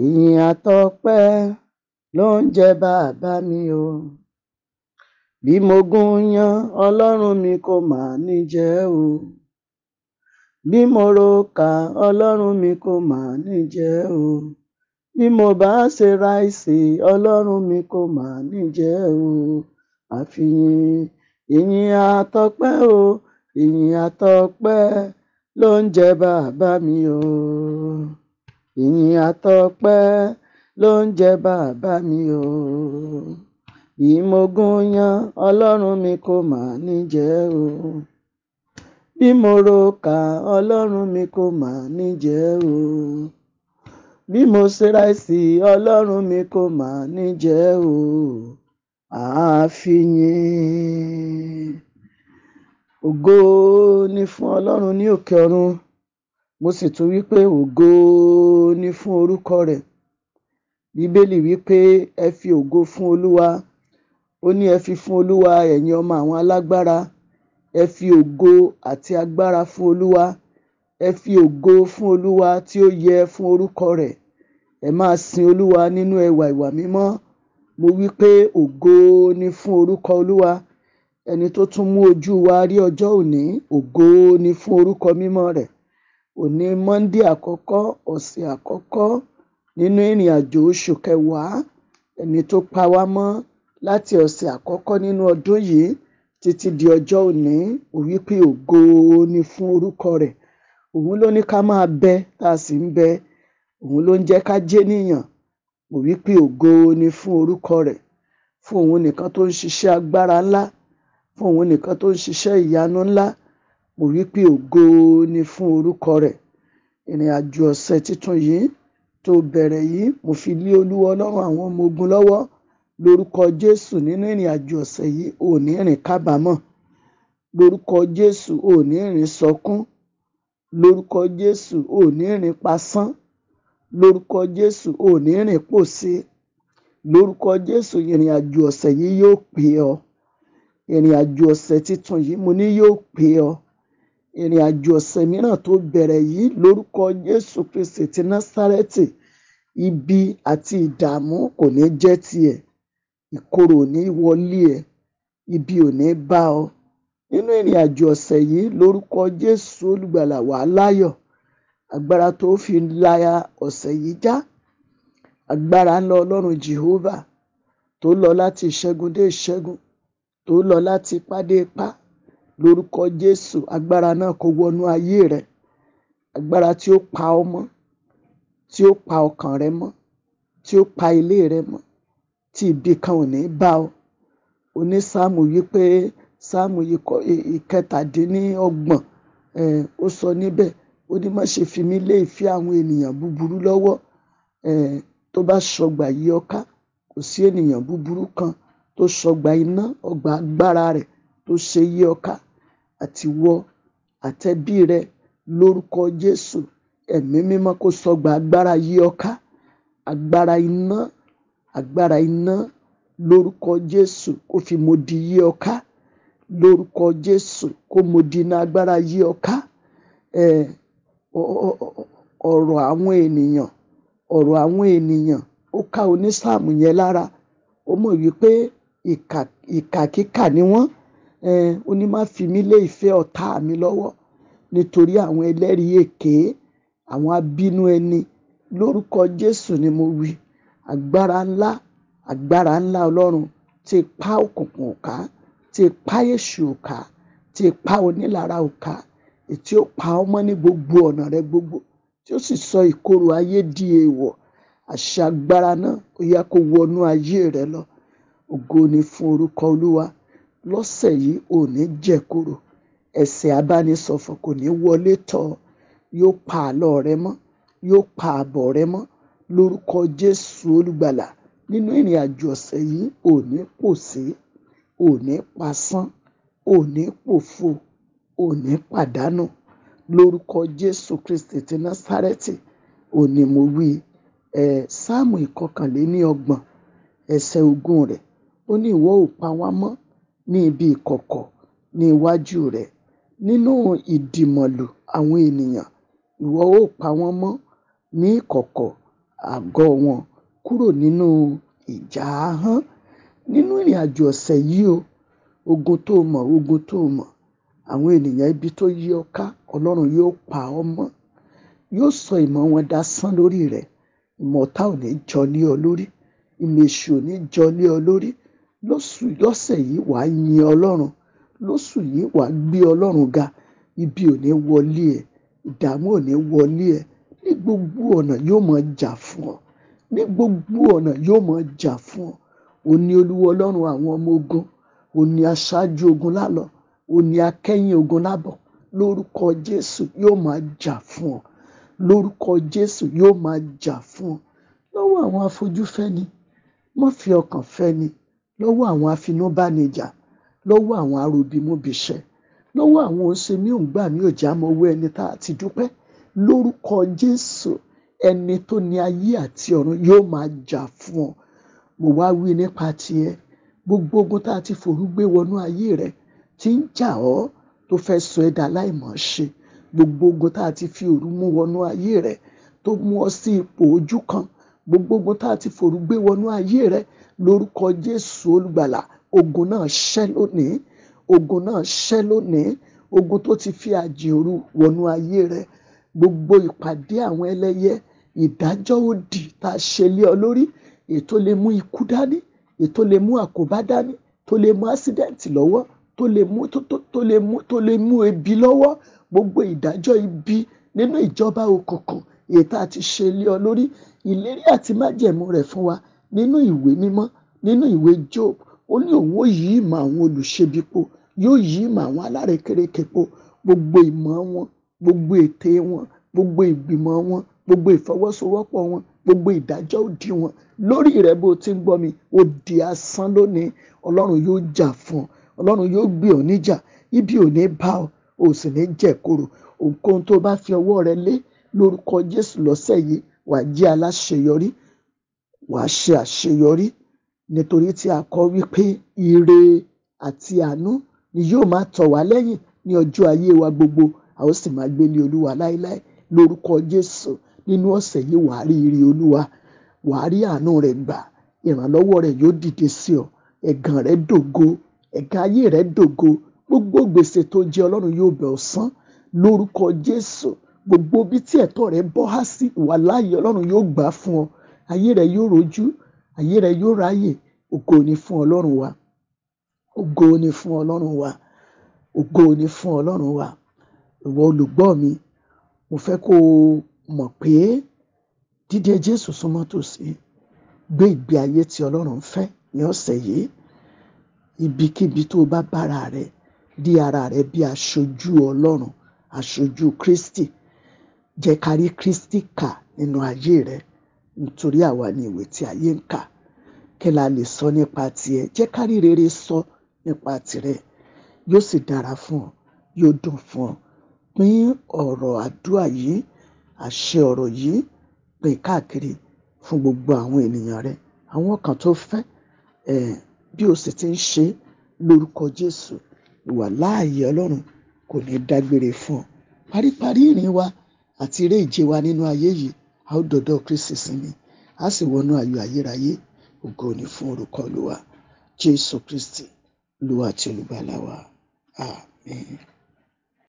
ìyìn àtọpẹ ló ń jẹ bàbá mi o bí mo gùn yan ọlọrun mi kò mà ní í jẹ ọ bí mo rọkà ọlọrun mi kò mà ní í jẹ ọ bí mo bá ṣe ráìsì ọlọrun mi kò mà ní í jẹ ọ àfìyìn ìyìn àtọpẹ o ìyìn àtọpẹ ló ń jẹ bàbá mi o ìyìn àtọpẹ ló ń jẹ bàbá mi o bí mo gùn ọlọrun mi kò mà ní í jẹ o bí mo rokà ọlọrun mi kò mà ní í jẹ o bí mo ṣe ráìsì ọlọrun mi kò mà ní í jẹ o àáfíyìn ògo ni fún ọlọrun ní òkè ọrun mo sì tún wí pé ògo ni fún orúkọ rẹ̀ bíbélì wí pé ẹ fi ògo fún olúwa ó ní ẹ fi fún olúwa ẹ̀yin ọmọ àwọn alágbára ẹ fi ògo àti agbára fún olúwa ẹ fi ògo fún olúwa tí ó yẹ fún orúkọ rẹ̀ ẹ máa sin olúwa nínú ẹwà ìwà mímọ́ mo wí pé ògo ni fún orúkọ olúwa ẹni tó tún mú ojú wa rí ọjọ́ òní ògo ni fún orúkọ mímọ́ rẹ̀ òní monde àkọkọ ọsẹ àkọkọ nínú ìrìnàjò oṣù kẹwàá ẹni tó pa wá mọ láti ọsẹ àkọkọ nínú ọdún yìí títí di ọjọ òní ó pé ògo ni fún orúkọ rẹ òun ló ní ká máa bẹ tá a sì ń bẹ òun ló ń jẹ ká jẹnìyàn ó wí pé ògo ni fún orúkọ rẹ fún òun nìkan tó ń ṣiṣẹ agbára ńlá fún òun nìkan tó ń ṣiṣẹ ìyanu ńlá mo wí pé ògo ni fún orúkọ rẹ̀ ìrìn àjò ọ̀sẹ̀ tuntun yìí tó bẹ̀rẹ̀ yìí mo fi lé olúwa ọlọ́run àwọn ọmọ ogun lọ́wọ́ lórúkọ jésù nínú ìrìn àjò ọ̀sẹ̀ yìí ò ní rìn kábàámọ̀ lórúkọ jésù ò ní rìn sọkún lórúkọ jésù ò ní rìn pasán lórúkọ jésù ò ní rìn pòṣe lórúkọ jésù ìrìn àjò ọ̀sẹ̀ yìí yóò pé ọ ìrìn àjò ọ̀sẹ̀ tuntun yìí mo ní yóò pé ọ ìrìn àjò ọ̀sẹ̀ mìíràn tó bẹ̀rẹ̀ yìí lórúkọ Jésù Kristi ti Násárẹ́tì ibi àti ìdààmú kò ní jẹ́ tiẹ̀ ìkorò ò ní wọlé ẹ ibi ò ní bá ọ nínú ìrìn àjò ọ̀sẹ̀ yìí lórúkọ Jésù olùgbàlà wà á láyọ̀ agbára tó fi la ọ̀sẹ̀ yìí já agbára ńlá Ọlọ́run Jehovah tó lọ láti ìṣẹ́gun dé ìṣẹ́gun tó lọ láti ipá dé ipá lórúkọ Jésù agbára náà kó wọnú ayé rẹ agbára tí ó pa ọ mọ́ tí ó pa ọkàn rẹ mọ́ tí ó pa ilé rẹ mọ́ tí ibi kan ò ní bá ọ onísáàmù wípé sáàmù ìkẹtàdínníọgbọ̀n um ó sọ níbẹ̀ ó ní má ṣe fi mí lé ìfẹ́ àwọn ènìyàn búburú lọ́wọ́ tó bá sọgbà yí ọ kò sí ènìyàn búburú kan tó sọgbà iná ọgbà agbára rẹ̀ tó ṣe yí ọ àtiwọ àtẹbí rẹ lórúkọ Jésù ẹ̀mí mímọ́ kó sọgbà agbára yí ọ ká agbára iná agbára iná lórúkọ Jésù kó fi mòdì yí ọ ká lórúkọ Jésù kó mòdì iná agbára yí ọ ká àwọn ènìyàn ọ̀rọ̀ àwọn ènìyàn ó ká onísáàmù yẹn lára ó mọ̀ wípé ìkà kíkà ni wọ́n ó ní má fi mí lé ìfẹ́ ọ̀tá mi lọ́wọ́ nítorí àwọn ẹlẹ́rìí èké àwọn abínú ẹni lórúkọ Jésù ni mo wí agbára ńlá agbára ńlá Ọlọ́run tí ipá òkùnkùn òká tí ipá èṣù òká tí ipá onílara òká tí ó pa ọmọ ní gbogbo ọ̀nà rẹ gbogbo tí ó sì sọ ìkorò ayé di èèwọ̀ àṣà agbára náà ó yá kó wọnú ayé rẹ lọ ògo ni fún orúkọ Olúwa lọ́sẹ̀ yìí ò ní jẹ̀ kúrò ẹ̀ṣẹ̀ abánisọ̀fọ̀ kò ní wọlé tọ̀ yóò pa àlọ́ rẹ mọ́ yóò pa àbọ̀ rẹ mọ́ lórúkọ Jésù olùgbàlà nínú ìrìn àjò ọ̀sẹ̀ yìí ò ní pòsí ò ní pasán ò ní pòfo ò ní pàdánù lórúkọ Jésù Kristi ti Násárẹ́tì ò ní mo wí ẹ sáàmù ìkọkànléní ọgbọ̀n ẹsẹ̀ ogún rẹ̀ ó ní ìwọ ò pa wá mọ́ ní ibi ìkọ̀kọ̀ ní iwájú rẹ. Nínú ìdìmọ̀lù àwọn ènìyàn, ìwọ ó pa wọ́n mọ́ ní ìkọ̀kọ̀ àgọ́ wọn kúrò nínú ìjà ahọ́n. Nínú ìrìnàjò ọ̀sẹ̀ yìí o, ogun tó mọ̀, ogun tó mọ̀, àwọn ènìyàn ibi tó yí ọ ká, Ọlọ́run yóò pa ọ́ mọ́. Yóò sọ ìmọ̀ wọn dasán lórí rẹ. Ìmọ̀ ọ̀tá ò ní jọ lé ọ lórí. Ìmọ̀ èṣù ò ní jọ lé ọ lórí lóṣù lọ́sẹ̀ yìí wàá yin Ọlọ́run lóṣù yìí wàá gbé Ọlọ́run ga ibi ò ní wọlé ẹ ìdààmú ò ní wọlé ẹ ní gbogbo ọ̀nà yóò máa jà fún ọ ní gbogbo ọ̀nà yóò máa jà fún ọ ò ní Olúwa Ọlọ́run àwọn ọmọ ogun ò ní aṣáájú ogun lálọ ò ní akẹ́yìn ogun lábọ̀ lórúkọ Jésù yóò máa jà fún ọ lórúkọ Jésù yóò máa jà fún ọ lọ́wọ́ àwọn afojúfẹ́ni má ọkàn fẹ́ni lọ́wọ́ àwọn afinúbánijà lọ́wọ́ àwọn aròbìmọbìṣẹ lọ́wọ́ àwọn òsèmí òǹgbà mi ò já mọ́wọ́ ẹni tá a ti dúpẹ́ lórúkọ Jésù ẹni tó ní ayé àti ọ̀run yóò máa jà fún ọ mo wá wí nípa tiẹ̀ gbogbo ogun tá a ti forúgbé wọnú ayé rẹ tí ń jà ọ́ tó fẹ́ sọ ẹ́ dà láìmọ̀ ṣe gbogbo ogun tá a ti fi òru mú wọnú ayé rẹ tó mú ọ sí ipò ojú kan gbogbo ogun tá a ti fòrú gbé wọnú ayé rẹ lórúkọ Jésù olùgbàlà ogun náà ṣẹ́ lónìí ogun náà ṣẹ́ lónìí ogun tó ti fi àjìn òru wọnú ayé rẹ gbogbo ìpàdé àwọn ẹlẹ́yẹ ìdájọ́ òdì tá a ṣe lé ọ lórí ètò lè mú ikú dání ètò lè mú àkóbá dání tó lè mú ásídẹ̀ǹtì lọ́wọ́ tó lè mú tó lè mú tó lè mú ebi lọ́wọ́ gbogbo ìdájọ́ ibi nínú ìjọba òkùnkùn èyí tá a ṣe lé ọ lórí ìlérí àti májẹ̀mú rẹ̀ fún wa nínú ìwé mímọ́ nínú ìwé Job ó ní òun ó yí ìmọ̀ àwọn olùṣebi po yóò yí ìmọ̀ àwọn alárékérekè po gbogbo ìmọ̀ wọn gbogbo ète wọn gbogbo ìgbìmọ̀ wọn gbogbo ìfọwọ́sowọ́pọ̀ wọn gbogbo ìdájọ́ òdì wọn lórí rẹ bó ti ń gbọ́ mi ó di asán lónìí ọlọ́run yóò jà fún ọ ọlọ́run yóò gbé ọ níjà ibi ò ní bá ọ ò sì ní jẹ̀koro òǹkóhun tó bá fi ọwọ́ rẹ lé lórúkọ Jésù lọ́sẹ̀ yìí wàá jẹ́ aláṣeyọrí wàá ṣe àṣeyọrí nítorí tí a kọ wípé ire àti àánú ni yóò máa tọ̀ wá lẹ́yìn ní ọjọ́ ayé wa gbogbo a ó sì máa gbé ní olúwa láéláé lórúkọ jésù nínú ọ̀sẹ̀ yìí wàá rí ire olúwa wàá rí àánú rẹ̀ gbà ìrànlọ́wọ́ rẹ̀ yóò dìde sí ọ ẹ̀gàn rẹ̀ dògo ẹ̀gàn ayé rẹ̀ dògo gbogbo gbèsè tó jẹ ọlọ́run yóò bẹ̀ ọ́ san lórúkọ jésù gbogbo bí tí ẹ̀tọ́ rẹ bọ́ há sí ìwà láàyè ọlọ́run yóò gbà fún ọ ayé rẹ yóò rojú ayé rẹ yóò ráyè ògo ni fún ọlọ́run wa ògo ni fún ọlọ́run wa ògo ni fún ọlọ́run wa ìwọ olùgbọ́ mi mo fẹ́ kó o mọ̀ pé dídé jésù súnmọ́ tòsí gbé ìgbé ayé tí ọlọ́run fẹ́ ní ọ̀sẹ̀ yìí ibikíbi tó bá bára rẹ rí ara rẹ bí aṣojú ọlọ́run aṣojú kristi Jẹ́ ká rí Kristi kà nínú ayé rẹ nítorí àwa ni ìwé tí ayé ń kà. Kí la lè sọ nípa tiẹ̀? Jẹ́ ká rí rere sọ nípa tìrẹ. Yóò sì dára fún ọ, yóò dùn fún ọ. Pín ọ̀rọ̀ àdúrà yìí, àṣẹ ọ̀rọ̀ yìí pín káàkiri fún gbogbo àwọn ènìyàn rẹ. Àwọn kan tó fẹ́, ẹ̀ bí o sì ti ń ṣe lórúkọ Jésù, ìwà láàyè Ọlọ́run kò ní dágbére fún ọ. Paríparí ìrìn wa, àti eré ìje wa nínú ayé yìí a ó dọ̀dọ̀ Kristi sinmi a sì wọnú ayọ̀ ayérayé ògo ni fún orúkọ Olúwa Jésù Kristi Olúwa àti Olùgbàlà wa